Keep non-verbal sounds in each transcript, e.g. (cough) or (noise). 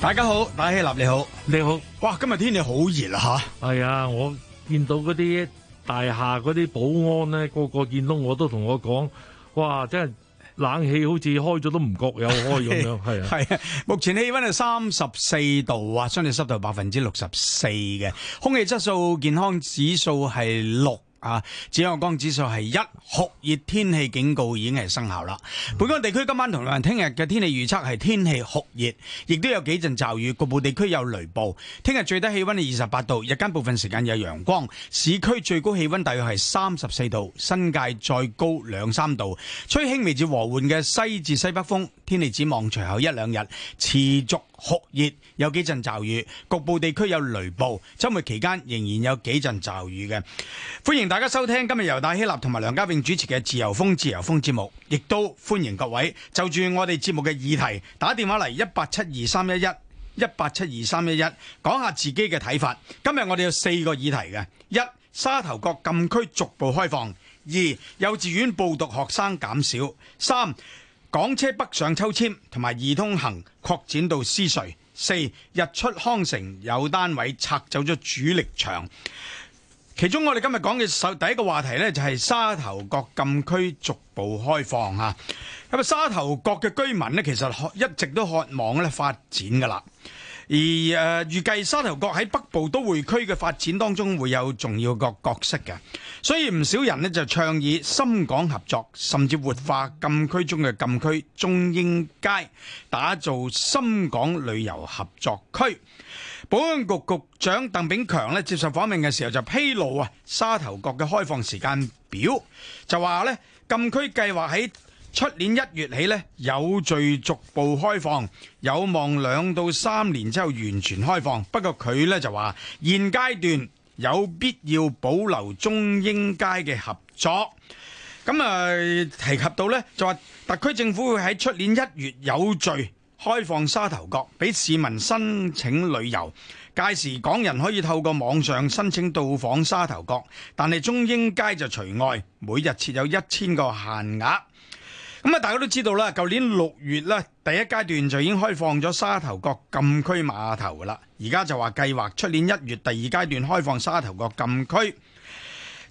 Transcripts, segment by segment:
大家好，大希立你好，你好，你好哇，今日天氣好熱啊吓，係啊，我見到嗰啲大廈嗰啲保安咧，個個見到我都同我講，哇，真係冷氣好似開咗都唔覺有開咁樣，係 (laughs) 是啊，係啊，目前氣溫係三十四度啊，相對濕度百分之六十四嘅，空氣質素健康指數係六。啊！紫外光指數係一，酷熱天氣警告，已經係生效啦。本港地區今晚同埋聽日嘅天氣預測係天氣酷熱，亦都有幾陣驟雨，局部地區有雷暴。聽日最低氣溫係二十八度，日間部分時間有陽光。市區最高氣溫大約係三十四度，新界再高兩三度。吹輕微至和緩嘅西至西北風。天氣展望隨後一兩日持續酷熱，有幾陣驟雨，局部地區有雷暴。周末期間仍然有幾陣驟雨嘅，歡迎大家收聽今日由戴希立同埋梁家榮主持嘅《自由風自由風》節目，亦都歡迎各位就住我哋節目嘅議題打電話嚟一八七二三一一一八七二三一一，講下自己嘅睇法。今日我哋有四個議題嘅：一、沙頭角禁區逐步開放；二、幼稚園報讀學生減少；三、港車北上抽籤同埋二通行擴展到獅隧；四、日出康城有單位拆走咗主力牆。其中我哋今日講嘅首第一個話題呢，就係沙頭角禁區逐步開放吓，咁啊沙頭角嘅居民呢，其實一直都渴望咧發展噶啦，而誒預計沙頭角喺北部都會區嘅發展當中會有重要個角色嘅，所以唔少人呢，就倡議深港合作，甚至活化禁區中嘅禁區中英街，打造深港旅遊合作區。保安局局長鄧炳強咧接受訪問嘅時候就披露啊，沙頭角嘅開放時間表，就話咧禁區計劃喺出年一月起咧有序逐步開放，有望兩到三年之後完全開放。不過佢咧就話現階段有必要保留中英街嘅合作。咁啊，提及到咧，就話特區政府會喺出年一月有序。開放沙頭角，俾市民申請旅遊。屆時港人可以透過網上申請到訪沙頭角，但係中英街就除外，每日設有一千個限額。咁啊，大家都知道啦，舊年六月咧，第一階段就已經開放咗沙頭角禁區碼頭啦。而家就話計劃出年一月第二階段開放沙頭角禁區。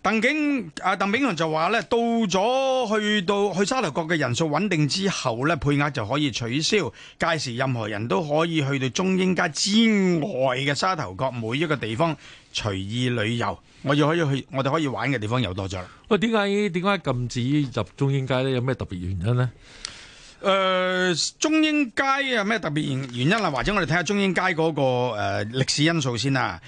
鄧景啊，鄧炳強就話咧，到咗去到去沙頭角嘅人數穩定之後咧，配額就可以取消，屆時任何人都可以去到中英街之外嘅沙頭角每一個地方隨意旅遊。我要可以去，我哋可以玩嘅地方有多咗啦。喂，點解點解禁止入中英街咧？有咩特別原因呢？誒、呃，中英街有咩特別原原因啊？或者我哋睇下中英街嗰個誒呃、歷史因素先啊！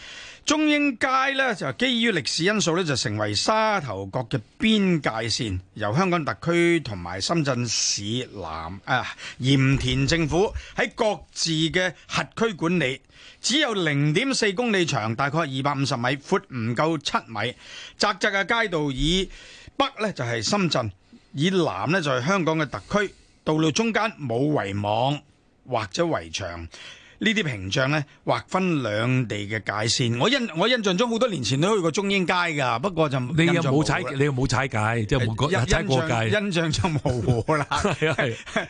中英街呢，就基於歷史因素呢，就成為沙頭角嘅邊界線，由香港特區同埋深圳市南啊鹽田政府喺各自嘅轄區管理。只有零點四公里長，大概二百五十米，闊唔夠七米，窄窄嘅街道。以北呢，就係深圳，以南呢，就係香港嘅特區。道路中間冇圍網或者圍牆。呢啲屏障咧劃分兩地嘅界線，我印我印象中好多年前都去過中英街㗎，不過就你又冇踩，你又冇踩界，即係唔過踩過界，印象就模糊啦。係啊，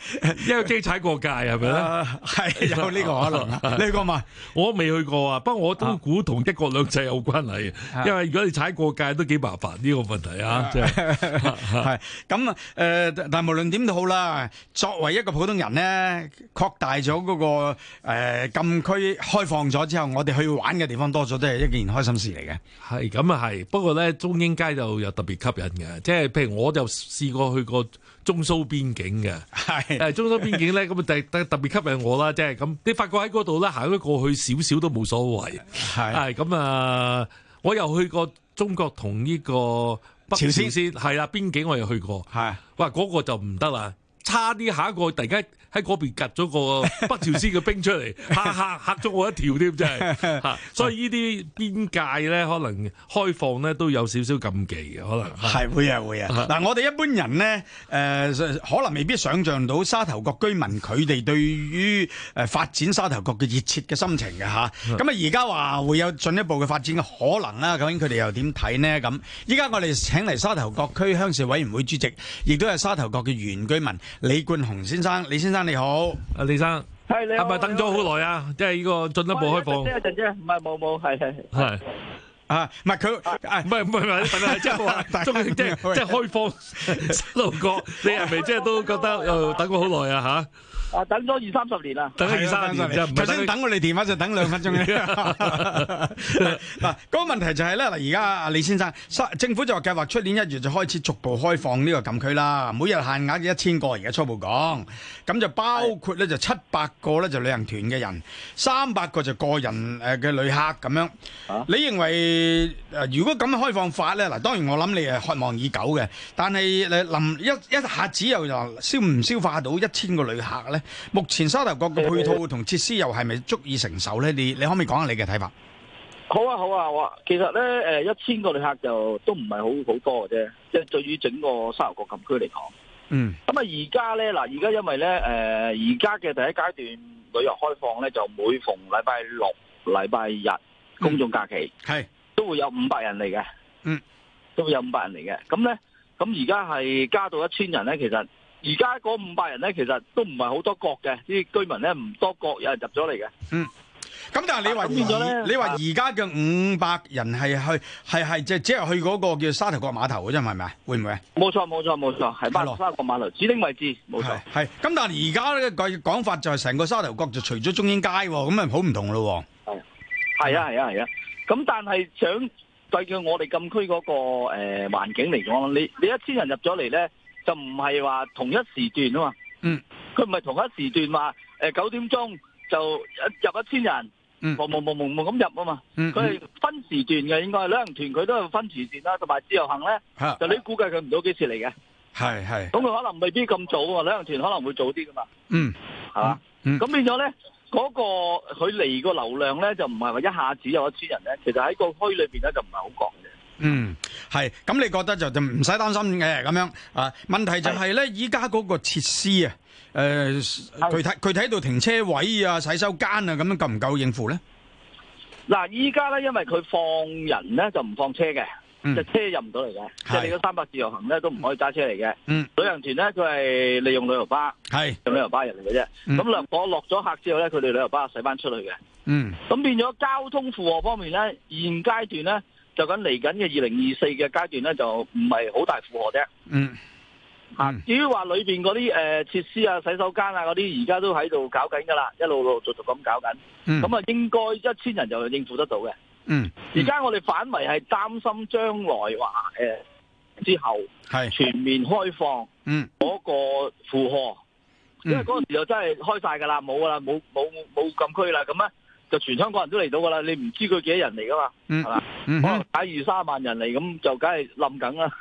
因為機踩過界係咪咧？係有呢個可能啊？你去過嘛？我未去過啊，不過我都估同一國兩制有關係，因為如果你踩過界都幾麻煩呢個問題啊，就係咁啊。誒，但無論點都好啦，作為一個普通人咧，擴大咗嗰個誒。禁區開放咗之後，我哋去玩嘅地方多咗，都係一件開心事嚟嘅。係咁啊，係。不過咧，中英街就又特別吸引嘅，即係譬如我就試過去過中蘇邊境嘅。係誒，中蘇邊境咧，咁特特特別吸引我啦，即係咁。你發覺喺嗰度呢，行咗過去少少都冇所謂。係。係咁啊，我又去過中國同呢個北朝鮮係啦邊境，我又去過。係。哇，嗰個就唔得啦。差啲，下一個突然間喺嗰邊掘咗個北朝鮮嘅兵出嚟， (laughs) 嚇嚇嚇咗我一條添，真係、 (laughs) 啊、所以呢啲邊界咧，可能開放咧都有少少禁忌嘅，可能係會啊會啊！嗱、啊 (laughs) 啊，我哋一般人呢，誒、呃、可能未必想像到沙頭角居民佢哋對於誒發展沙頭角嘅熱切嘅心情嘅咁啊，而家話會有進一步嘅發展嘅可能啦，究竟佢哋又點睇呢？咁依家我哋請嚟沙頭角區鄉事委員會主席，亦都係沙頭角嘅原居民。李冠洪先生，李先生你好，阿李生，係你好，係咪等咗好耐啊？即係呢個進一步開放，等咗一陣啫，唔係冇冇，係係係啊，唔係佢，唔係唔係唔係陳大洲啊，即係即係開放十六國， (laughs) (laughs) 你係咪即係都覺得誒等咗好耐啊？吓？啊！等咗二三十年啊！等咗二三十年，頭先等我哋電話就等兩分鐘啫。嗱，嗰個問題就係咧，嗱，而家啊李先生，三政府就話計劃出年一月就開始逐步開放呢個禁區啦，每日限額一千個，而家初步講，咁就包括咧就七百個咧就旅行團嘅人，三百個就個人誒嘅旅客咁樣。你認為誒如果咁開放法咧，嗱，當然我諗你係渴望已久嘅，但係誒你一一下子又又消唔消化到一千個旅客咧？目前沙頭角嘅配套同設施又係咪足以承受咧？你你可唔可以講下你嘅睇法？好啊，好啊好啊，其實咧誒，一千個旅客就都唔係好好多嘅啫，即係對於整個沙頭角禁區嚟講。嗯。咁啊，而家咧嗱，而家因為咧誒，而家嘅第一階段旅遊開放咧，就每逢禮拜六、禮拜日公眾假期係、嗯、都會有五百人嚟嘅。嗯。都會有五百人嚟嘅，咁咧，咁而家係加到一千人咧，其實。而家嗰五百人咧，其實都唔係好多國嘅，啲居民咧唔多國有人入咗嚟嘅。嗯，咁但係你話而你話而家嘅五百人係去係係即係只係去嗰個叫沙頭角碼頭嘅啫，係咪啊？會唔會啊？冇錯冇錯冇錯，係沙沙頭角碼頭 Hello. 指定位置，冇錯。係咁，但係而家咧個講法就係成個沙頭角就除咗中英街喎，咁啊好唔同咯喎。係係啊係啊係啊，咁但係想對住我哋禁區嗰個誒環境嚟講，你你一千人入咗嚟咧。就唔係話同一時段啊嘛，嗯，佢唔係同一時段話，誒九點鐘就一入一千人，嗯，蒙蒙蒙蒙咁入啊嘛，嗯，佢係分時段嘅應該係旅行團佢都係分時段啦，同埋自由行咧，就你估計佢唔到幾時嚟嘅，係係，咁佢可能未必咁早喎，旅行團可能會早啲噶嘛，嗯，係嘛，嗯，咁變咗咧，嗰個佢嚟個流量咧就唔係話一下子有一千人咧，其實喺個區裏邊咧就唔係好講嘅。嗯，係，咁你覺得就就唔使擔心嘅咁樣啊？問題就係、是、咧，依家嗰個設施啊，誒、呃，佢睇是到停車位啊、洗手間啊，咁樣夠唔夠應付咧？嗱，依家咧，因為佢放人咧就唔放車嘅，就車入唔到嚟嘅，即係你嗰三百自由行咧都唔可以揸車嚟嘅。嗯，旅行團咧佢係利用旅遊巴，係是用旅遊巴入嚟嘅啫。咁兩伙落咗客之後咧，佢哋旅遊巴洗翻出去嘅。嗯，咁變咗交通負荷方面咧，現階段咧。就緊嚟緊嘅二零二四嘅階段咧，就唔係好大負荷啫。嗯，至於話裏邊嗰啲誒設施啊、洗手間啊嗰啲，而家都喺度搞緊噶啦，一路陸陸續續咁搞緊。咁啊、嗯，應該一千人就應付得到嘅。嗯，而家我哋反為係擔心將來話誒、呃、之後係是全面開放，嗰個負荷，嗯、因為嗰陣時就真係開晒噶啦，冇啦，冇冇冇禁區啦，咁就全香港人都嚟到噶啦，你唔知佢幾多人嚟噶嘛，係嘛？可能解二三萬人嚟，咁就梗係冧緊啦，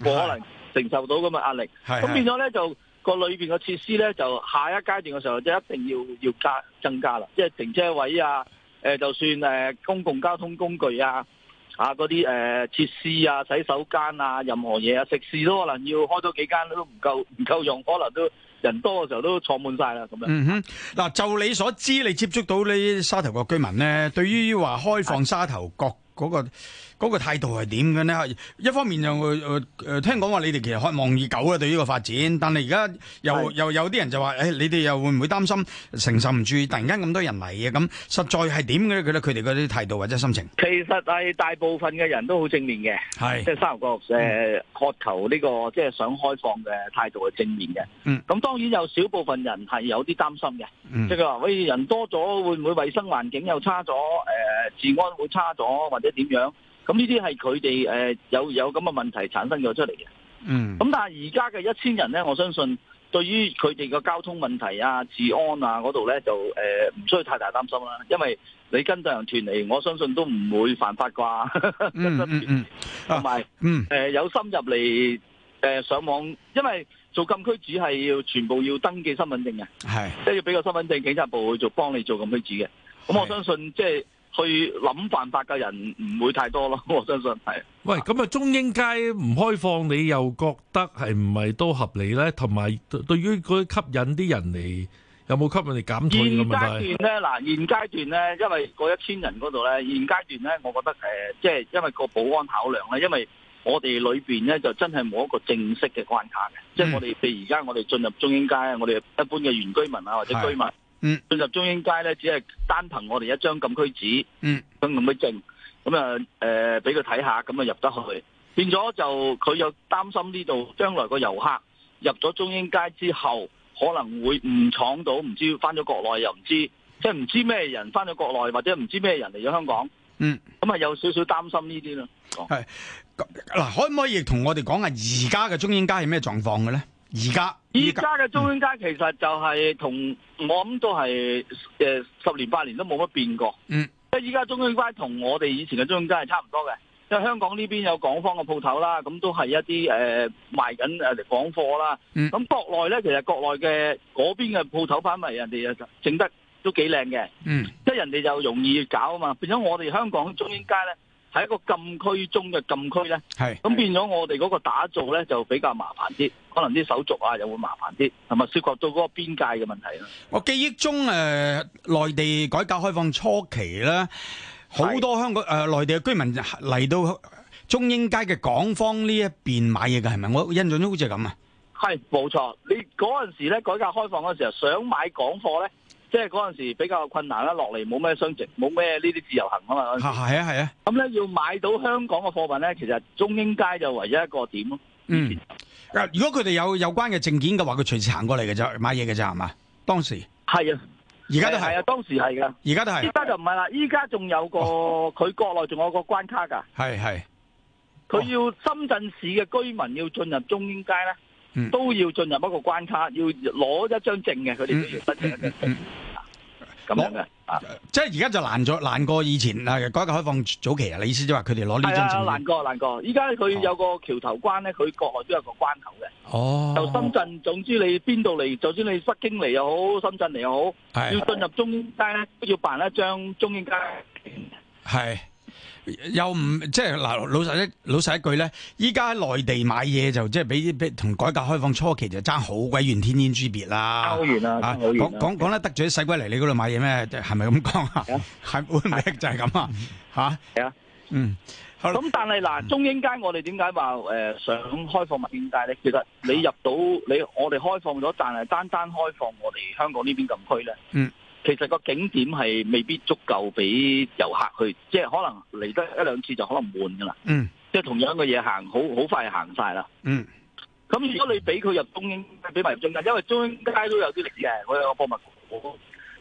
冇可能承受到咁嘅壓力。咁 (laughs) 變咗咧，就個裏邊嘅設施咧，就下一階段嘅時候就一定要要加增加啦，即係停車位啊，誒、呃、就算誒、呃、公共交通工具啊，啊嗰啲誒設施啊、洗手間啊、任何嘢啊、食肆都可能要開多幾間都唔夠唔夠用，可能都。人多嘅時候都坐滿晒，啦，咁樣。嗱、嗯哼，就你所知，你接觸到呢沙頭角居民咧，對於話開放沙頭角。啊嗰個嗰個態度係點嘅呢？一方面又會誒誒聽講話你哋其實渴望已久啊，對呢個發展。但係而家又是又有啲人就話，誒、哎，你哋又會唔會擔心承受唔住？突然間咁多人嚟嘅咁，實在係點嘅咧？佢哋佢哋嗰啲態度或者心情。其實係大部分嘅人都好正面嘅，係即係沙頭角誒渴求呢、這個即係、就是、想開放嘅態度係正面嘅。嗯，咁當然有少部分人係有啲擔心嘅，即係話喂人多咗會唔會衛生環境又差咗？誒、呃、治安會差咗或者？即點樣咁呢啲係佢哋誒有有咁嘅問題產生咗出嚟嘅。嗯。咁、嗯、但係而家嘅一千人咧，我相信對於佢哋嘅交通問題啊、治安啊嗰度咧，就誒唔、呃、需要太大擔心啦。因為你跟隊人團嚟，我相信都唔會犯法啩。同埋、嗯，嗯誒有心入嚟誒上網，因為做禁區紙係要全部要登記身份證嘅，係是，即係要俾個身份證，警察部去做幫你做禁區紙嘅。咁、嗯、是我相信即係。去諗辦法嘅人唔會太多咯，我相信係。喂，咁啊，中英街唔開放，你又覺得係唔係都合理咧？同埋對於佢吸引啲人嚟，有冇吸引嚟減退嘅問題？現階段咧，嗱，現階段咧，因為嗰一千人嗰度咧，現階段咧，我覺得誒，即係因為個保安考量咧，因為我哋裏面咧就真係冇一個正式嘅關卡嘅，嗯、即係我哋譬如而家我哋進入中英街，我哋一般嘅原居民啊或者居民。嗯，進入中英街咧，只係單憑我哋一張禁區紙，嗯，咁嘅證，咁、呃、啊，誒，俾佢睇下，咁啊，入得去，變咗就佢又擔心呢度將來個遊客入咗中英街之後，可能會誤闖到，唔知翻咗國內，又唔知，即係唔知咩人翻咗國內，或者唔知咩人嚟咗香港，嗯，咁啊，有少少擔心呢啲咯。係嗱，可唔可以同我哋講下而家嘅中英街係咩狀況嘅咧？而家，而家嘅中英街其實就係同我諗都係誒十年八年都冇乜變過。嗯，即係而家中英街同我哋以前嘅中英街係差唔多嘅。因為香港呢邊有港方嘅鋪頭啦，咁都係一啲誒賣緊誒港貨啦。咁國內咧，其實國內嘅嗰邊嘅鋪頭翻嚟，人哋又整得都幾靚嘅。嗯，即係人哋就容易搞啊嘛。變咗我哋香港的中英街咧。喺一個禁區中嘅禁區咧，咁是變咗我哋嗰個打造咧就比較麻煩啲，可能啲手續啊又會麻煩啲，係咪涉及到嗰個邊界嘅問題咧？我記憶中誒、呃，內地改革開放初期咧，好是多香港誒、呃、內地嘅居民嚟到中英街嘅港方呢一邊買嘢㗎係咪？我印象中好似係咁啊，係冇錯，你嗰陣時咧改革開放嗰時候想買港貨咧。即係嗰陣時比較困難啦，落嚟冇咩商值，冇咩呢啲自由行啊嘛。係啊係啊，咁咧、啊嗯、要買到香港嘅貨品咧，其實中英街就唯一一個點咯。嗯，嗱，如果佢哋有有關嘅證件嘅話，佢隨時行過嚟嘅咋，就買嘢嘅咋係嘛？當時係啊，而家都係啊，當時係噶，而家都係。依家就唔係啦，依家仲有個佢、哦、國內仲有個關卡噶。係係，佢、哦、要深圳市嘅居民要進入中英街咧，嗯、都要進入一個關卡，要攞一張證嘅，佢哋都要申嘅咁樣嘅啊，即係而家就難咗難過以前啊，改革開放早期啊，你意思即係話佢哋攞呢張？係啊，難過難過，依家佢有個橋頭關咧，佢國內都有個關口嘅。哦，就深圳，總之你邊度嚟，就算你北京嚟又好，深圳嚟又好，的要進入中英街咧，都要辦一張中英街。係。又唔即係嗱，老實一老實一句咧，依家喺內地買嘢就即係比比同改革開放初期就爭好鬼遠，天淵之別啦。好遠啊！講講講得得罪啲，使鬼嚟你嗰度買嘢咩？係咪咁講啊？係， (laughs) 就係咁啊！吓、啊，係啊，嗯。咁但係嗱、啊，中英街我哋點解話誒想開放物經濟咧？其實你入到、啊、你我哋開放咗，但係單單開放我哋香港邊區呢邊禁區咧，嗯。其實個景點係未必足夠俾遊客去，即係可能嚟得一兩次就可能悶㗎啦。嗯，即係同樣嘅嘢行，好好快行曬啦。嗯，咁如果你俾佢入中英，俾埋入中間，因為中英街都有啲歷史嘅，我有個博物館，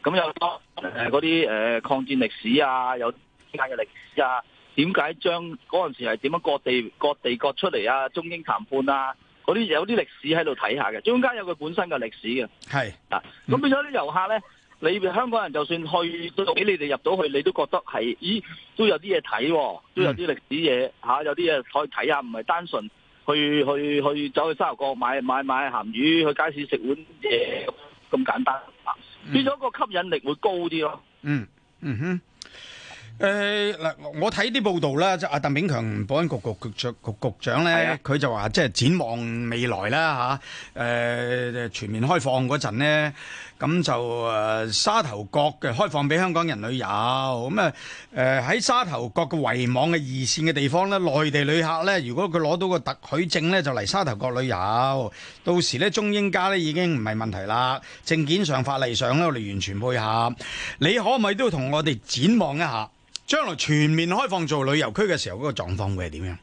咁有多嗰啲誒抗戰歷史啊，有世界嘅歷史啊，點解將嗰陣時係點樣割地割地割出嚟啊？中英談判啊，嗰啲有啲歷史喺度睇下嘅，中英街有佢本身嘅歷史嘅。係是啊，咁變咗啲遊客咧。你哋香港人就算去到俾你哋入到去，你都覺得係，咦，都有啲嘢睇，都有啲歷史嘢、啊、有啲嘢可以睇下，唔係單純去去去走去沙頭角買買買鹹魚，去街市食碗嘢咁咁簡單，變咗、嗯、個吸引力會高啲咯、哦。嗯嗯哼。誒嗱、欸，我睇啲報道啦，阿鄧炳強保安局局長局局，局長咧，佢的就話即係展望未來啦吓，誒、啊、全面開放嗰陣呢，咁就誒、啊、沙頭角嘅開放俾香港人旅遊，咁啊誒喺、啊、沙頭角嘅圍網嘅二線嘅地方咧，內地旅客呢，如果佢攞到個特許證呢，就嚟沙頭角旅遊，到時呢，中英街呢已經唔係問題啦，證件上、法例上呢，我哋完全配合，你可唔可以都同我哋展望一下？將來全面開放做旅遊區嘅時候，嗰個狀況會係點樣？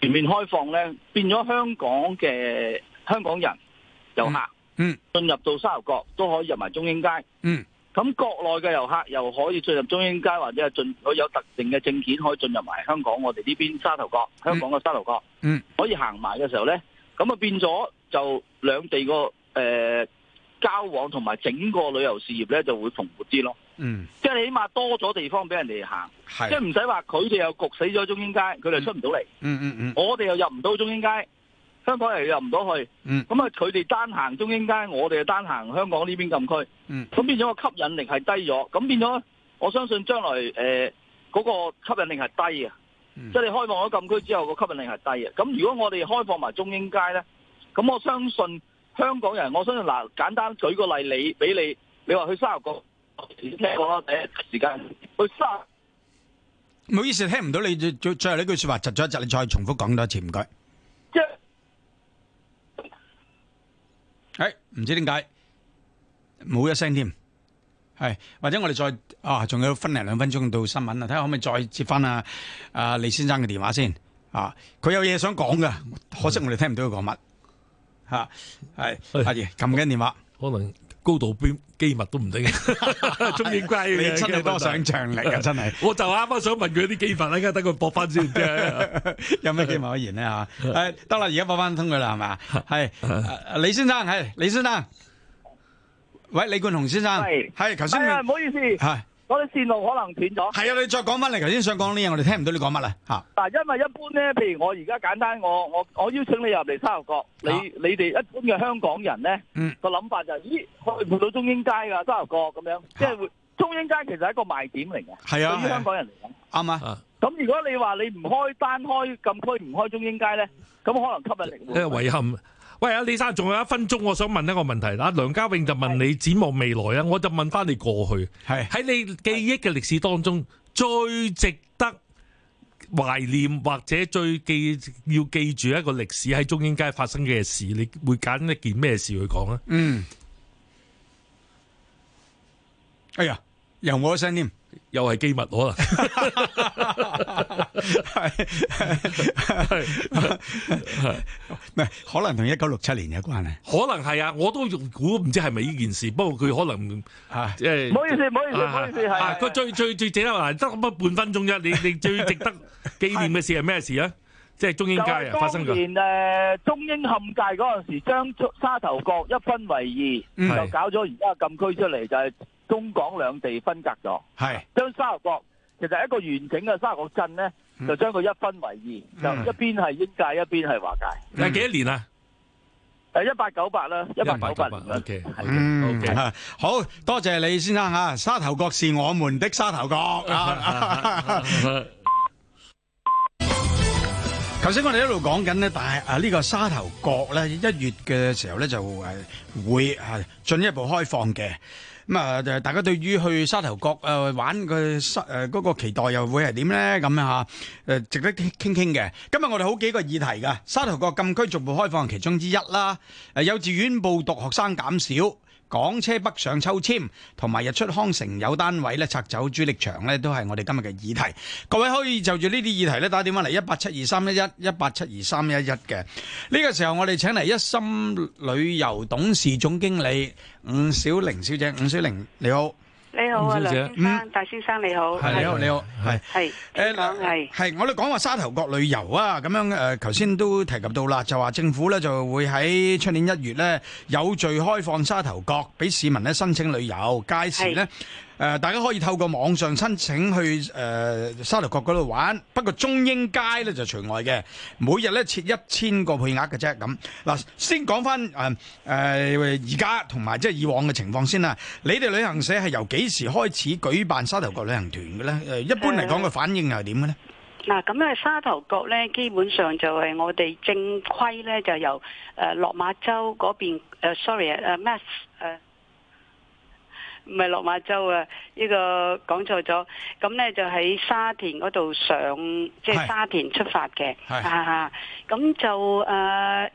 全面開放呢，變咗香港嘅香港人遊客嗯，嗯，進入到沙頭角都可以入埋中英街，嗯。咁國內嘅遊客又可以進入中英街，或者係進有特定嘅證件可以進入埋香港，我哋呢邊沙頭角，香港嘅沙頭角，嗯，嗯可以行埋嘅時候呢，咁啊變咗就兩地個誒、呃、交往同埋整個旅遊事業呢就會蓬勃啲咯。嗯，即係你起碼多咗地方俾人哋行，是即係唔使話佢哋又焗死咗中英街，佢哋出唔到嚟。嗯嗯嗯，我哋又入唔到中英街，香港人又入唔到去。咁啊、嗯，佢哋單行中英街，我哋啊單行香港呢邊禁區。咁、嗯、變咗、呃那個吸引力係低咗，咁變咗我相信將來誒嗰個吸引力係低嘅，即係你開放咗禁區之後個吸引力係低嘅。咁如果我哋開放埋中英街咧，咁我相信香港人，我相信嗱，簡單舉個例，你俾你，你話去沙頭角。直接聽我啦，第一時間。唔好意思，聽唔到你最最後呢句說話窒咗一窒，你再重複講多次，唔該。即係，誒，唔知點解冇一聲添。係，或者我哋再啊，仲有分零兩分鐘到新聞啊，睇下可唔可以再接翻啊？阿李先生嘅電話先啊，佢有嘢想講㗎，可惜我哋聽唔到佢講乜。吓，係，阿爺撳緊電話。可能。高度機密都唔得 (laughs) ，中意雞你真係多想象力啊！真係， (laughs) 我就啱啱想問佢啲機密啦，而家等佢播翻先啫。 (laughs) 有咩機密可言咧嚇？誒得啦，而家播翻通佢啦，係咪？係、啊、李先生，係、哎、李先生，喂，李冠洪先生，係頭先。唔、啊、好意思，係、哎。我啲線路可能斷咗。係啊，你再講翻嚟，頭先想講呢嘢，我哋聽唔到你講乜啦，吓嗱，因為一般咧，譬如我而家簡單，我我我邀請你入嚟沙頭角，啊、你你哋一般嘅香港人咧，個諗、嗯、法就係、是、咦，去到中英街噶沙頭角咁樣，啊、即係中英街其實係一個賣點嚟嘅。係啊，對於香港人嚟講，啱啊。咁如果你話你唔開單開禁區，唔開中英街咧，咁可能吸引力會、呃呃……遺憾。喂，阿李生，仲有一分鐘，我想問一個問題。阿梁家穎就問你展望未來啊，是我就問翻你過去，係喺是你記憶嘅歷史當中，是最值得懷念或者最記要記住一個歷史喺中英街發生嘅事，你會揀一件咩事去講啊？嗯，哎呀，又冇聲添。又係機密可能，係係係係？可能同一九六七年有關係，可能係啊，我都估唔知係咪呢件事，不過佢可能，即係唔好意思，唔好意思，唔好意思，係啊。佢最最最值得，得不半分鐘啫。你你最值得紀念嘅事係咩事啊？即係中英街啊，發生嘅。當年誒，中英勘界嗰陣時，將沙頭角一分為二，就搞咗而家禁區出嚟，就係。中港兩地分隔咗，將沙頭角其實一個完整嘅沙頭角鎮咧，就將佢一分為二，嗯、就一邊係英界，一邊係華界。係、嗯、幾多年啊？誒，一八九八啦，一八九八年 OK，, okay, okay, okay 好多謝你先生嚇。沙頭角是我們的沙頭角啊！頭先我哋一路講緊咧，但係啊呢個沙頭角咧一月嘅時候咧就誒會係進一步開放嘅。大家對於去沙頭角玩嘅個期待又會係點呢？咁值得傾傾嘅。今日我哋好幾個議題嘅，沙頭角禁區逐步開放係其中之一啦。幼稚園報讀學生減少。港車北上抽籤同埋日出康城有單位咧拆走主力牆咧，都係我哋今日嘅議題。各位可以就住呢啲議題咧打電話嚟一八七二三一一一八七二三一一嘅。呢個時候我哋請嚟一心旅遊董事總經理伍少玲小姐，伍少玲你好。你好啊，梁先生，大先生你好，係你好，你好係係誒嗱係係我哋講話沙頭角旅遊啊，咁樣誒，頭先都提及到啦，就話政府咧就會喺出年一月咧有序開放沙頭角，俾市民咧申請旅遊，屆時咧。呃、大家可以透過網上申請去誒、呃、沙頭角嗰度玩，不過中英街咧就除外嘅。每日咧設一千個配額嘅啫。咁嗱，先講翻誒而家同埋即係以往嘅情況先啦。你哋旅行社係由幾時開始舉辦沙頭角旅行團嘅咧？一般嚟講個反應又係點嘅咧？嗱、呃，咁啊沙頭角咧，基本上就係我哋正規咧，就由誒落、呃、馬洲嗰邊、呃、sorry 啊、呃、誒，mass 唔係落馬洲啊！呢、這個講錯咗，咁呢就喺沙田嗰度上，即、就、係、是、沙田出發嘅，是啊，咁就誒、呃，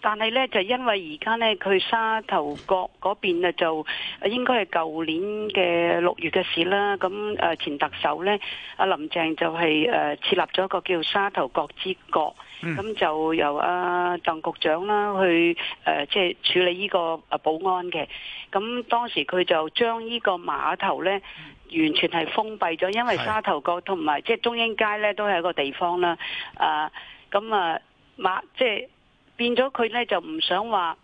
但係呢就因為而家呢，佢沙頭角嗰邊啊，就應該係舊年嘅六月嘅事啦。咁誒前特首呢，阿林鄭就係誒設立咗一個叫沙頭角之國。咁、嗯、就由、啊、鄧局長啦去、呃、即係處理呢個保安嘅。咁當時佢就將呢個碼頭呢，完全係封閉咗，因為沙頭角同埋即係中英街呢，都係一個地方啦。呃、啊，咁啊，碼即係變咗佢呢就唔想話。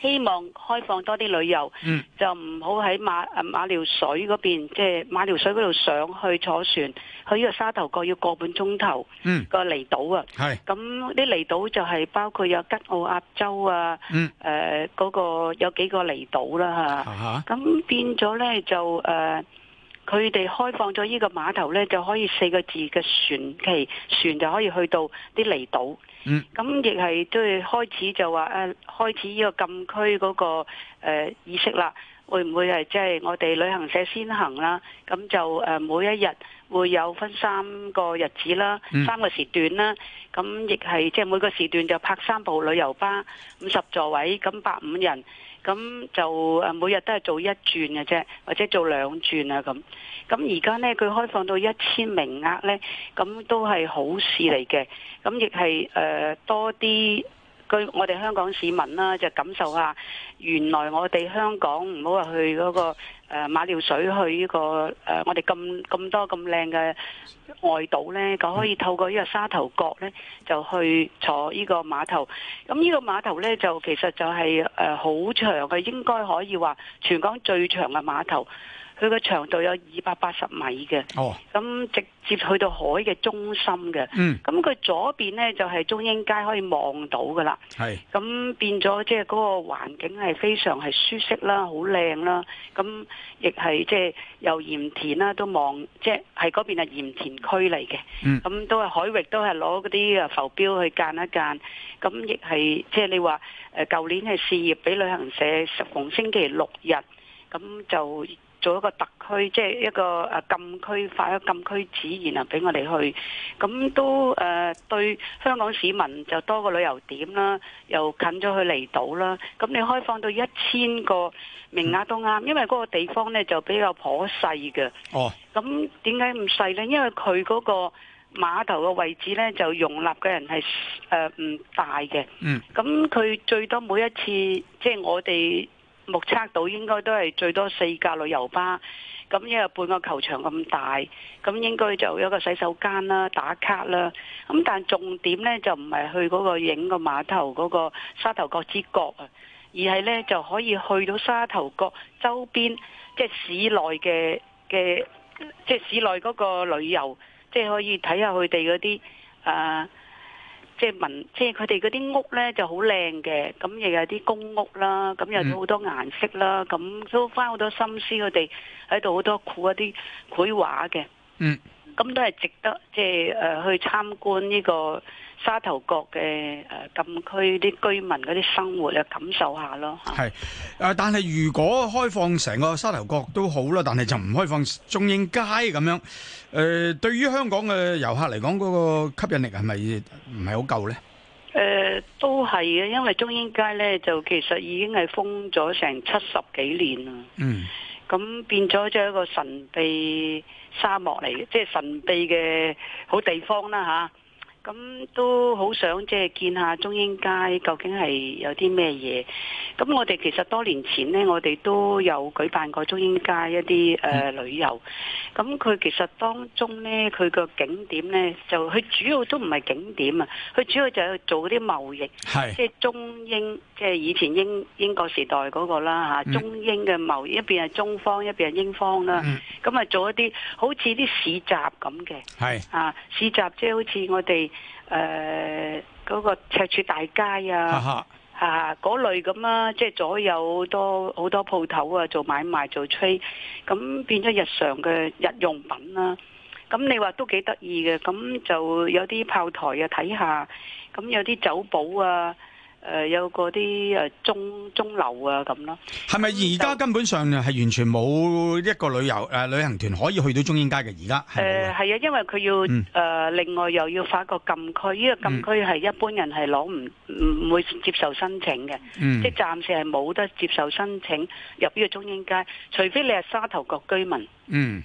希望開放多啲旅遊，嗯、就唔好喺馬誒馬料水嗰邊，即、就、係、是、馬料水嗰度上去坐船，去呢個沙頭角要個半鐘頭個離島啊。係咁啲離島就係包括有吉澳、鴨洲啊，嗰、嗯呃那個有幾個離島啦、啊、嚇。咁、啊、哈變咗呢，就佢哋、呃、開放咗呢個碼頭呢，就可以四個字嘅船期，船就可以去到啲離島。嗯，咁亦係都係開始就話誒、啊，開始呢個禁區嗰、那個誒、呃、意識啦，會唔會係即係我哋旅行社先行啦？咁就誒，每一日會有分三個日子啦，三個時段啦，咁亦係即係每個時段就拍三部旅遊巴，五十座位，咁百五人。咁就誒，每日都係做一轉嘅啫，或者做兩轉啊咁。咁而家咧，佢開放到一千名額咧，咁都係好事嚟嘅。咁亦係誒多啲。據我哋香港市民啦、啊，就感受下原來我哋香港唔好話去嗰、那個誒、呃、馬料水去呢、這個誒、呃，我哋咁咁多咁靚嘅外島呢，就可以透過呢個沙頭角呢，就去坐呢個碼頭。咁、嗯、呢、這個碼頭呢，就其實就係誒好長嘅，應該可以話全港最長嘅碼頭。佢個長度有二百八十米嘅，咁、oh. 直接去到海嘅中心嘅。咁佢、mm. 左邊呢，就係、是、中英街可以望到嘅啦。咁、mm. 變咗即係嗰個環境係非常係舒適啦，好靚啦。咁亦係即係又鹽田啦，都望即係喺嗰邊係鹽田區嚟嘅。咁、mm. 都係海域都係攞嗰啲浮標去間一間。咁亦係即係你話誒，舊年係試業俾旅行社逢星期六日咁就。做一個特區，即係一個誒禁區，發一個禁區紙，然後俾我哋去，咁都誒、呃、對香港市民就多個旅遊點啦，又近咗去離島啦。咁你開放到一千個名額都啱，因為嗰個地方呢就比較頗細嘅。哦，咁點解咁細呢？因為佢嗰個碼頭嘅位置呢，就容納嘅人係誒唔大嘅。嗯，咁佢最多每一次即係我哋。目測到應該都係最多四架旅遊巴，咁一日半個球場咁大，咁應該就有一個洗手間啦、打卡啦，咁但重點呢，就唔係去嗰個影個碼頭嗰個沙頭角之角啊，而係呢，就可以去到沙頭角周邊，即係市內嘅嘅，即係市內嗰個旅遊，即係可以睇下佢哋嗰啲啊。呃即係文，即係佢哋嗰啲屋咧就好靚嘅，咁又有啲公屋啦，咁又有好多顏色啦，咁、嗯、都花好多心思，佢哋喺度好多繪一啲繪畫嘅，嗯，咁都係值得即係誒、呃、去參觀呢、這個。沙頭角嘅誒禁區，啲居民嗰啲生活啊，感受下咯嚇。係、呃、但係如果開放成個沙頭角都好啦，但係就唔開放中英街咁樣誒、呃，對於香港嘅遊客嚟講，嗰、那個吸引力係咪唔係好夠呢？誒、呃，都係嘅，因為中英街咧就其實已經係封咗成七十幾年啦。嗯。咁變咗就一個神秘沙漠嚟嘅，即係神秘嘅好地方啦、啊、吓。咁都好想即係見下中英街究竟係有啲咩嘢？咁我哋其實多年前呢，我哋都有舉辦過中英街一啲誒、呃嗯、旅遊。咁佢其實當中呢，佢個景點呢，就佢主要都唔係景點啊，佢主要就係做嗰啲貿易，即係是中英，即係以前英英國時代嗰個啦嚇，中英嘅貿易，嗯、一邊係中方，一邊係英方啦。咁、嗯、啊做一啲好似啲市集咁嘅，是啊市集即係好似我哋。誒，嗰、呃那個赤柱大街啊，吓嗰類咁啊，即係、就是、左右多好多鋪頭啊，做買賣做 trade，咁變咗日常嘅日用品啦、啊，咁你話都幾得意嘅，咁就有啲炮台啊睇下，咁有啲酒保啊。誒、呃，有嗰啲誒中中樓啊，咁咯。係咪而家根本上係完全冇一個旅遊誒、呃、旅行團可以去到中英街嘅？而家誒係啊，因為佢要誒、嗯呃、另外又要發個禁區，呢個禁區係一般人係攞唔唔會接受申請嘅。嗯、即係暫時係冇得接受申請入呢個中英街，除非你係沙頭角居民。嗯，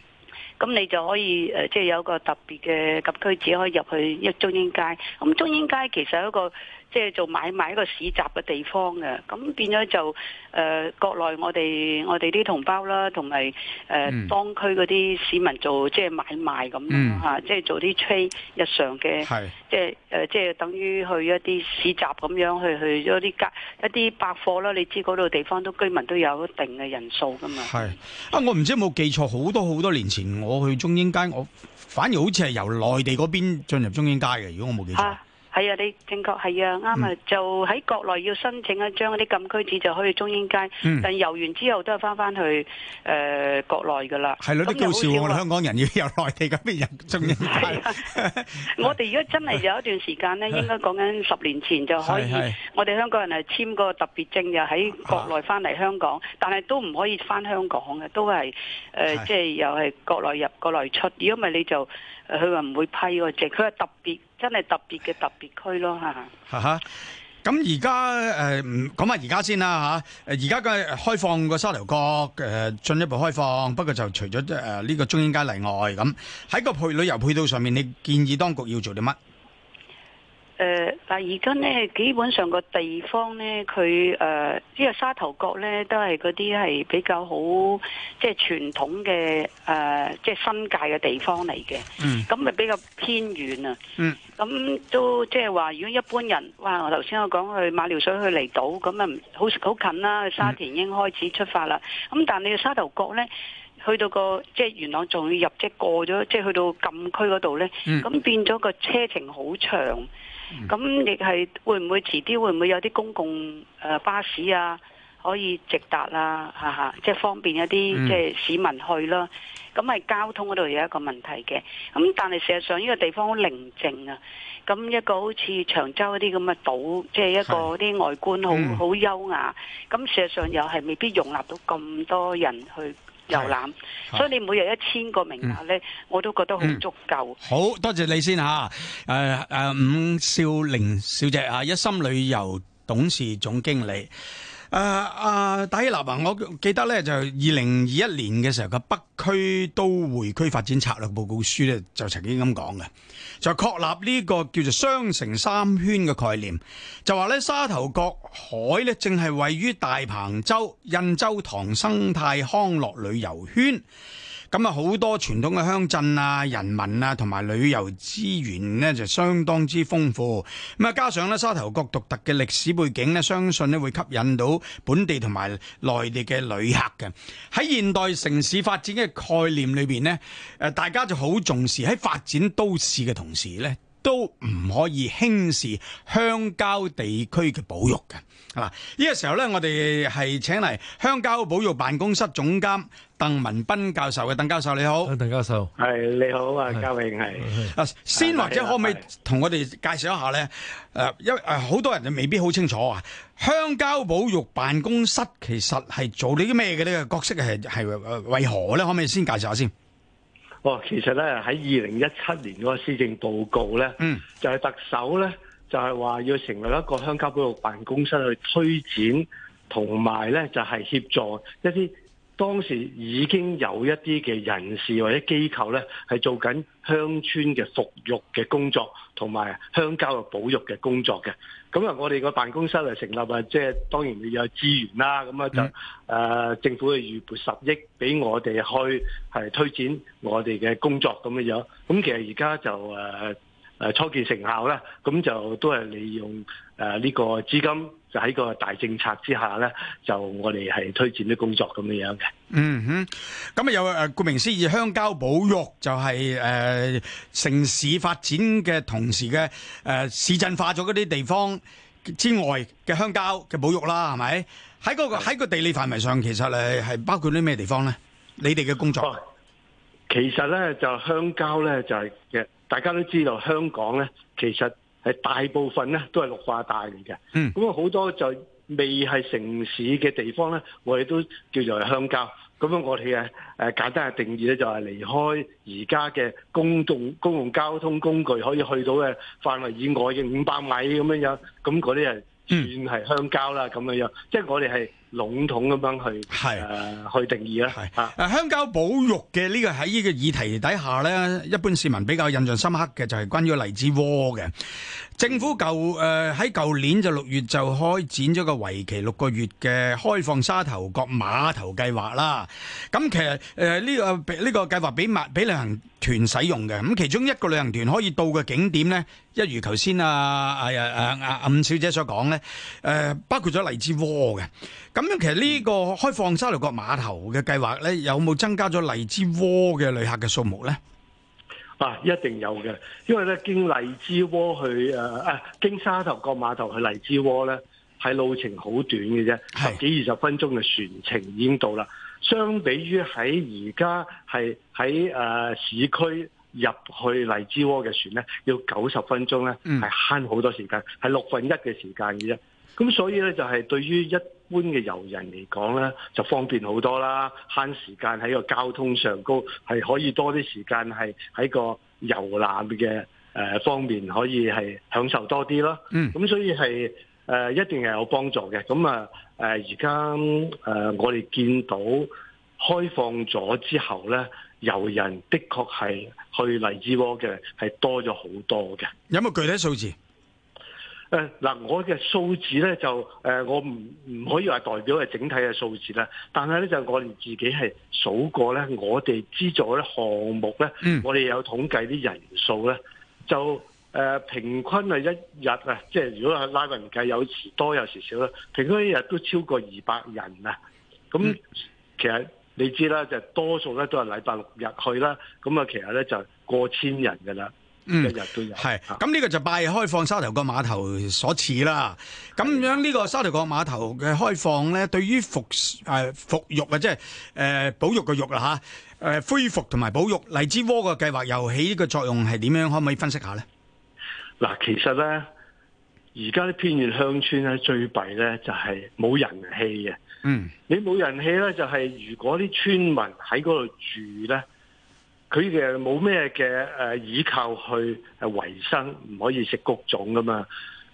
咁你就可以誒、呃，即係有個特別嘅禁區，只可以入去一中英街。咁中英街其實一個。即係做買賣一個市集嘅地方嘅，咁變咗就誒、呃、國內我哋我哋啲同胞啦，同埋誒當區嗰啲市民做即係買賣咁咯、嗯啊、即係做啲 trade 日常嘅是、呃，即係誒即係等於去一啲市集咁樣去去咗啲街一啲百貨啦。你知嗰度地方都居民都有一定嘅人數噶嘛？係啊，我唔知有冇記錯，好多好多年前我去中英街，我反而好似係由內地嗰邊進入中英街嘅。如果我冇記錯。啊。係啊，你正確係啊，啱啊，嗯、就喺國內要申請一張嗰啲禁區紙，就可以中英街。嗯、但遊完之後都係翻翻去誒、呃、國內㗎啦。係你都好笑喎，我哋香港人要由內地咁入中英街。啊、 (laughs) 我哋如果真係有一段時間咧，啊、應該講緊十年前就可以，係係我哋香港人係簽個特別證，又喺國內翻嚟香港，啊、但係都唔可以翻香港嘅，都係即係又係國內入、國內出。如果唔係你就佢話唔會批個證，佢話特別。真係特別嘅特別區咯，吓！哈哈，咁而家誒，咁而家先啦，吓！而家嘅開放個沙頭角誒，進、呃、一步開放，不過就除咗誒呢個中英街例外，咁喺個配旅遊配套上面，你建議當局要做啲乜？誒、呃，但而家咧，基本上個地方咧，佢誒，即、呃、個沙頭角咧，都係嗰啲係比較好，即係傳統嘅誒，即、呃、係、就是、新界嘅地方嚟嘅。嗯。咁咪比較偏遠啊。嗯。咁都即係話，如果一般人，哇，才我頭先我講去馬料水去離島，咁咪好好近啦，沙田已經開始出發啦。咁、嗯、但係你沙頭角咧，去到個即係元朗，仲要入即係過咗，即係去到禁區嗰度咧。嗯。咁變咗個車程好長。咁亦係會唔會遲啲會唔會有啲公共、呃、巴士啊，可以直達啦、哈哈，即係、就是、方便一啲即係市民去囉。咁係交通嗰度有一個問題嘅。咁但係事實上呢個地方好寧靜啊。咁一個好似長洲嗰啲咁嘅島，即、就、係、是、一個啲外觀好好優雅。咁事實上又係未必容納到咁多人去，遊覽，啊、所以你每日一千個名額呢，嗯、我都覺得好足夠、嗯。好多謝你先吓，誒、啊、誒，伍、啊、少玲小姐啊，一心旅遊董事總經理。誒啊！Uh, uh, 戴立立啊，我記得呢就二零二一年嘅時候嘅北區都會區發展策略報告書呢就曾經咁講嘅，就確立呢個叫做雙城三圈嘅概念，就話呢，沙頭角海呢正係位於大鵬洲、印洲塘生態康樂旅遊圈。咁啊，好多傳統嘅鄉鎮啊、人民啊，同埋旅遊資源咧，就相當之豐富。咁啊，加上咧沙頭角獨特嘅歷史背景咧，相信咧會吸引到本地同埋內地嘅旅客嘅。喺現代城市發展嘅概念裏邊咧，誒，大家就好重視喺發展都市嘅同時咧。都唔可以輕視鄉郊地區嘅保育嘅，呢個時候咧，我哋係請嚟鄉郊保育辦公室總監鄧文彬教授嘅，鄧教授你好。鄧教授。係你好啊，嘉永係。啊，的先或者可唔可以同我哋介紹一下咧？的因為好多人就未必好清楚啊，鄉郊保育辦公室其實係做呢啲咩嘅咧？角色係係為何咧？可唔可以先介紹下先？哦、其實咧喺二零一七年嗰個施政報告咧、嗯，就係特首咧就係話要成立一個鄉郊保育辦公室去推展，同埋咧就係、是、協助一啲當時已經有一啲嘅人士或者機構咧係做緊鄉村嘅復育嘅工作，同埋鄉郊嘅保育嘅工作嘅。咁啊！我哋個辦公室嚟成立啊，即係當然要有資源啦。咁啊就、嗯呃、政府嘅預撥十億俾我哋去係推展我哋嘅工作咁嘅樣。咁其實而家就誒誒、呃、初見成效啦。咁就都係利用呢、呃這個資金。就喺個大政策之下咧，就我哋係推薦啲工作咁樣樣嘅。嗯哼，咁啊有誒，顧名思義，鄉郊保育就係、是、誒、呃、城市發展嘅同時嘅誒、呃、市鎮化咗嗰啲地方之外嘅鄉郊嘅保育啦，係咪？喺嗰、那個喺的個地理範圍上，其實誒係包括啲咩地方咧？你哋嘅工作，哦、其實咧就鄉郊咧就係、是，其實大家都知道香港咧，其實。係大部分咧都係綠化帶嚟嘅，咁啊好多就未係城市嘅地方咧，我哋都叫做係鄉郊。咁樣我哋嘅誒簡單嘅定義咧，就係離開而家嘅公眾公共交通工具可以去到嘅範圍以外嘅五百米咁樣樣，咁嗰啲係算係鄉郊啦，咁樣樣，即係我哋係。籠統咁樣去係、呃、去定義啦。啊，啊，鄉郊保育嘅呢、呢個喺呢個議題底下咧，一般市民比較印象深刻嘅就係、係、關於荔枝窩嘅。政府舊誒喺舊年就六月就開展咗個為期六個月嘅開放沙頭角碼頭計劃啦。咁其實誒呢個呢個計劃俾埋俾旅行團使用嘅。咁其中一個旅行團可以到嘅景點呢，一如頭先啊啊啊啊伍小姐所講呢，誒包括咗荔枝窩嘅。咁樣其實呢個開放沙頭角碼頭嘅計劃呢，有冇增加咗荔枝窩嘅旅客嘅數目呢？啊，一定有嘅，因為咧，經荔枝窩去誒誒、啊，經沙頭角碼頭去荔枝窩咧，係路程好短嘅啫，是十幾二十分鐘嘅船程已經到啦。相比於喺而家係喺誒市區入去荔枝窩嘅船咧，要九十分鐘咧，係慳好多時間，係六分一嘅時間嘅啫。咁所以咧，就係、是、對於一般嘅遊人嚟講咧，就方便好多啦，慳時間喺個交通上高，係可以多啲時間，係喺個遊覽嘅誒方面，可以係享受多啲咯。嗯，咁所以係誒、呃、一定係有幫助嘅。咁啊誒而家誒我哋見到開放咗之後咧，遊人的確係去荔枝窩嘅係多咗好多嘅。有冇具體數字？誒嗱、呃，我嘅數字咧就誒、呃，我唔唔可以話代表係整體嘅數字啦。但係咧就我哋自己係數過咧，我哋資助啲項目咧，我哋有統計啲人數咧，就誒、呃、平均係一日啊，即係如果拉拉人計有，有時多有時少啦。平均一日都超過二百人啊。咁其實你知啦，就多數咧都係禮拜六日去啦。咁啊，其實咧就過千人㗎啦。嗯，日日都有係，咁呢是、啊、個就拜開放沙頭角碼頭所賜啦。咁的樣呢個沙頭角碼頭嘅開放咧，對於服誒復、呃、育啊，即係誒、呃、保育嘅育啦吓，誒、呃、恢復同埋保育荔枝窩嘅計劃又起呢個作用係點樣？可唔可以分析下咧？嗱，其實咧，而家啲偏遠鄉村咧最弊咧就係冇人氣嘅。嗯，你冇人氣咧，就係如果啲村民喺嗰度住咧。佢嘅冇咩嘅依靠去維生，唔可以食谷種噶嘛。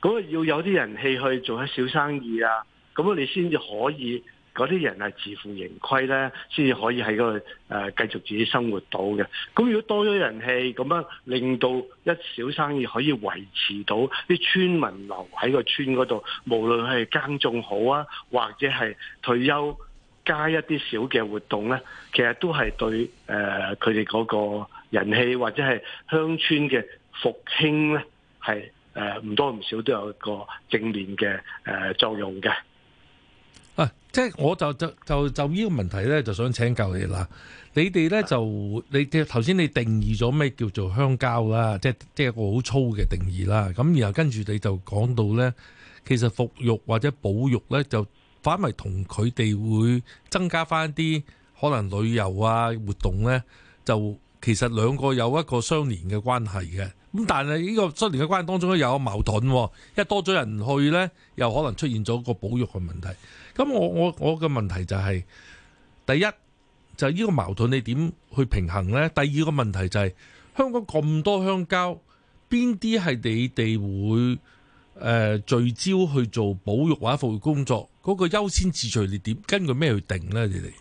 咁啊要有啲人氣去做一小生意啊，咁你先至可以嗰啲人係自負盈虧咧，先至可以喺度誒繼續自己生活到嘅。咁如果多咗人氣，咁樣令到一小生意可以維持到啲村民留喺個村嗰度，無論係耕種好啊，或者係退休。加一啲小嘅活動咧，其實都係對誒佢哋嗰個人氣或者係鄉村嘅復興咧，係誒唔多唔少都有一個正面嘅誒作用嘅。啊，即係我就就就就呢個問題咧，就想請教你啦。你哋咧，就你頭先你定義咗咩叫做鄉郊啦，即係即係一個好粗嘅定義啦。咁然後跟住你就講到咧，其實復育或者保育咧就。反為同佢哋會增加翻啲可能旅遊啊活動呢，就其實兩個有一個相連嘅關係嘅。咁但係呢個相連嘅關係當中，佢有一個矛盾，因為多咗人去呢，又可能出現咗個保育嘅問題。咁我我我嘅問題就係、是、第一就呢、是、個矛盾你點去平衡呢？第二個問題就係、是、香港咁多鄉郊，邊啲係你哋會、呃、聚焦去做保育或者服務工作？嗰個優先秩序你點根據咩去定咧？你哋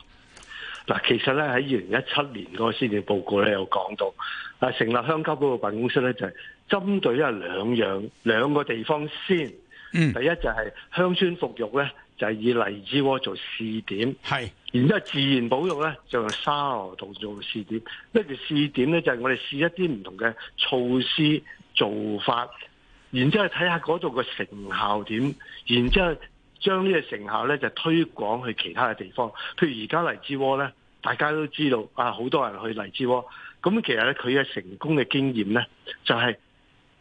嗱，其實咧喺二零一七年嗰個施政報告咧有講到，嗱成立鄉郊嗰個辦公室咧就係、是、針對啊兩樣兩個地方先，嗯、第一就係鄉村復育咧就係、是、以荔枝窩做試點，係是，然之後自然保育咧就用沙螺洞做試點。咩叫試點？呢個試點咧就係、是、我哋試一啲唔同嘅措施做法，然之後睇下嗰度個成效點，然之後。將呢個成效咧就推廣去其他嘅地方，譬如而家荔枝窩咧，大家都知道啊，好多人去荔枝窩。咁其實咧，佢嘅成功嘅經驗咧，就係、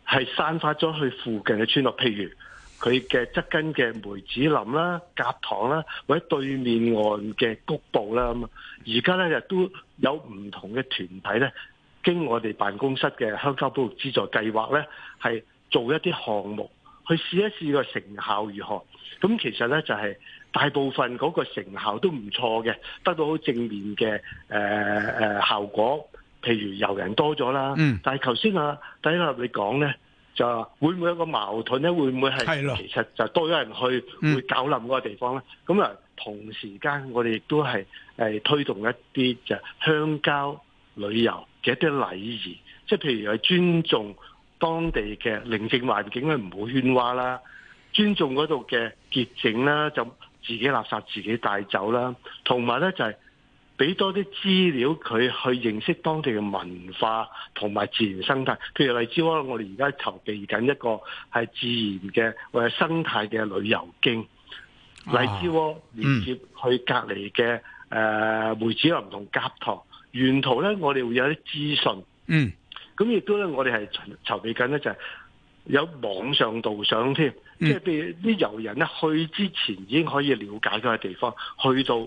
係、係散發咗去附近嘅村落，譬如佢嘅側根嘅梅子林啦、啊、甲塘啦、啊，或者對面岸嘅谷部啦。咁而家咧，就都有唔同嘅團體咧，經我哋辦公室嘅鄉郊保育資助計劃咧，係做一啲項目。去試一試個成效如何？咁其實咧就係大部分嗰個成效都唔錯嘅，得到好正面嘅誒、呃呃、效果。譬如遊人多咗啦，嗯、但係頭先啊，第一個你講咧，就會會唔會有個矛盾咧？會唔會係其實就多咗人去、嗯、會搞冧嗰個地方咧？咁啊，同時間我哋亦都係推動一啲就係鄉郊旅遊嘅一啲禮儀，即、就、係、是、譬如係尊重。當地嘅寧靜環境咧，唔好喧嘩啦，尊重嗰度嘅潔淨啦，就自己垃圾自己帶走啦。同埋咧，就係俾多啲資料佢去認識當地嘅文化同埋自然生態。譬如荔枝窩，我哋而家籌備緊一個係自然嘅或者生態嘅旅遊徑。荔枝窩連接去隔離嘅誒梅子林同甲塘，沿途咧我哋會有啲資訊。嗯。咁亦都咧，我哋係籌備緊咧，就係、是、有網上導賞添，即係譬如啲遊人咧去之前已經可以了解嗰個地方，去到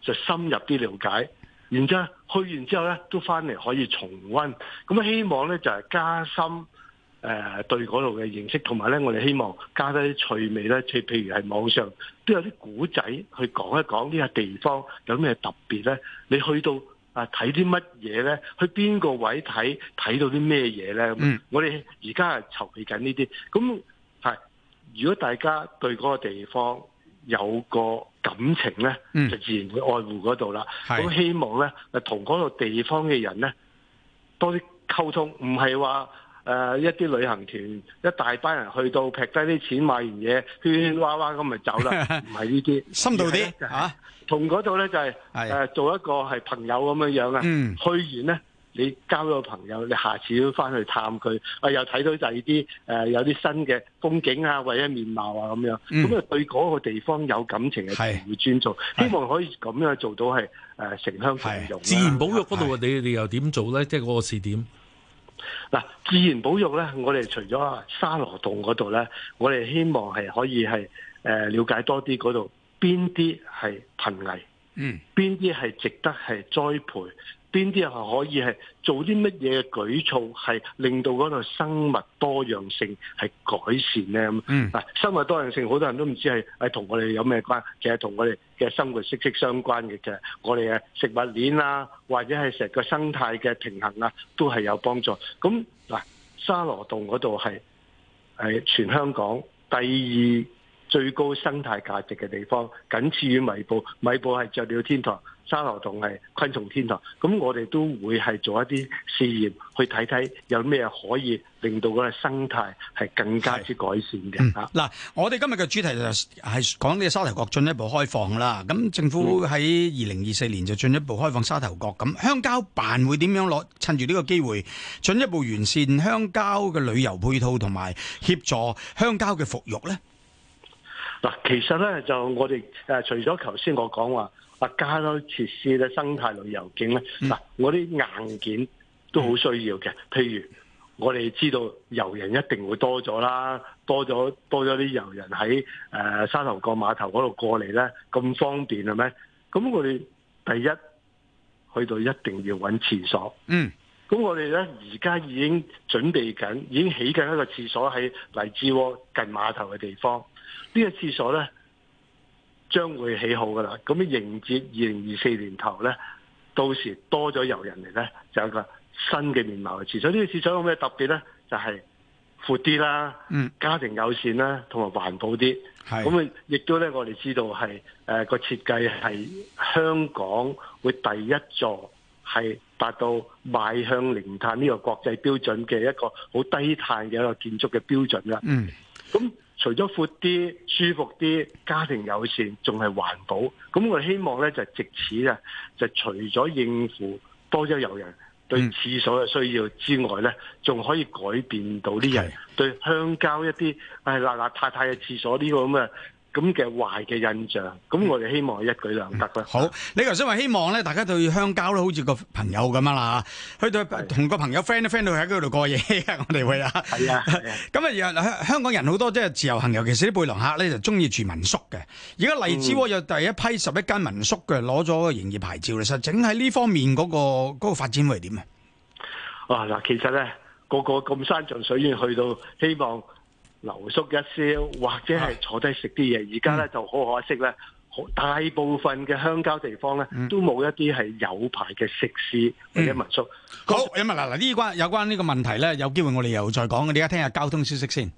就深入啲了解，然之後去完之後咧都翻嚟可以重溫。咁希望咧就係、是、加深、呃、對嗰度嘅認識，同埋咧我哋希望加多啲趣味咧，即譬如係網上都有啲古仔去講一講呢個地方有咩特別咧，你去到。啊睇啲乜嘢咧？去邊個位睇？睇到啲咩嘢咧？嗯、我哋而家係籌備緊呢啲。咁係如果大家對嗰個地方有個感情咧，嗯、就自然會愛護嗰度啦。咁我希望咧，同嗰個地方嘅人咧多啲溝通，唔係話。呃、一啲旅行團，一大班人去到，劈低啲錢買完嘢，圈圈挖挖咁咪走啦，唔係呢啲。深度啲吓同嗰度咧就係、係呃、做一個係朋友咁樣樣啊。嗯、去完咧，你交咗個朋友，你下次要翻去探佢，啊、呃、又睇到就係啲有啲新嘅風景啊，或者面貌啊咁樣。咁啊、嗯、對嗰個地方有感情嘅，自然會尊重。是希望可以咁樣做到係誒城鄉共融是。自然保育嗰度，是你哋又點做咧？即係嗰個試點。嗱，自然保育咧，我哋除咗啊沙螺洞嗰度咧，我哋希望係可以係誒、呃、了解多啲嗰度邊啲係瀕危，嗯，邊啲係值得係栽培。邊啲係可以係做啲乜嘢舉措，係令到嗰度生物多樣性係改善咧？咁啊、嗯，生物多樣性好多人都唔知係係同我哋有咩關係？其實同我哋嘅生活息息相關嘅。其實我哋嘅食物鏈啊，或者係成個生態嘅平衡啊，都係有幫助。咁嗱，沙羅洞嗰度係係全香港第二。最高生態價值嘅地方，僅次於米埔，米埔係雀鳥天堂，沙頭洞係昆蟲天堂。咁我哋都會係做一啲試驗，去睇睇有咩可以令到嗰個生態係更加之改善嘅。嗱、嗯，我哋今日嘅主題就係講呢個沙頭角進一步開放啦。咁、嗯、政府喺二零二四年就進一步開放沙頭角。咁、嗯、鄉郊辦會點樣攞趁住呢個機會，進一步完善鄉郊嘅旅遊配套同埋協助鄉郊嘅復育呢？嗱，其實咧就我哋誒、啊，除咗頭先我講話啊，加多設施嘅生態旅遊景咧，嗱、啊，我啲硬件都好需要嘅。譬如我哋知道遊人一定會多咗啦，多咗多咗啲遊人喺誒、啊、沙頭角碼頭嗰度過嚟咧，咁方便係咩？咁我哋第一去到一定要搵廁所。嗯，咁我哋咧而家已經準備緊，已經起緊一個廁所喺荔枝窩近碼頭嘅地方。呢個廁所呢，將會起好噶啦，咁樣迎接二零二四年頭呢，到時多咗遊人嚟，呢就有個新嘅面貌。廁所，呢個廁所有咩特別呢？就係闊啲啦，嗯，家庭友善啦，同埋環保啲，咁啊的！亦都呢，我哋知道係誒個設計係香港會第一座係達到邁向零碳呢個國際標準嘅一個好低碳嘅一個建築嘅標準啦，嗯，咁。除咗闊啲、舒服啲、家庭友善，仲係環保，咁我希望呢，就藉此呢，就除咗應付多咗遊人對廁所嘅需要之外呢，仲可以改變到啲人、嗯、對鄉郊一啲唉邋邋遢遢嘅廁所呢個咁嘅。咁嘅壞嘅印象，咁我哋希望係一舉兩得啦、嗯。好，你頭先話希望咧，大家對鄉郊咧好似個朋友咁啊啦，去到同個朋友 friend 的都 friend 到喺嗰度過夜我哋會啊。係啊，咁啊，香香港人好多即係自由行，尤其是啲背囊客咧，就中意住民宿嘅。而家荔枝窩有第一批十一間民宿嘅攞咗營業牌照，其實整喺呢方面嗰、嗰個嗰、嗰個發展會點啊？哇！嗱，其實咧個個咁山長水遠去到希望。留宿一宵，或者係坐低食啲嘢。而家咧就好可惜咧，大部分嘅鄉郊地方咧、嗯、都冇一啲係有牌嘅食肆或者民宿。嗯、好，咁啊嗱嗱，呢關有關呢個問題咧，有機會我哋又再講。你而家聽下交通消息先。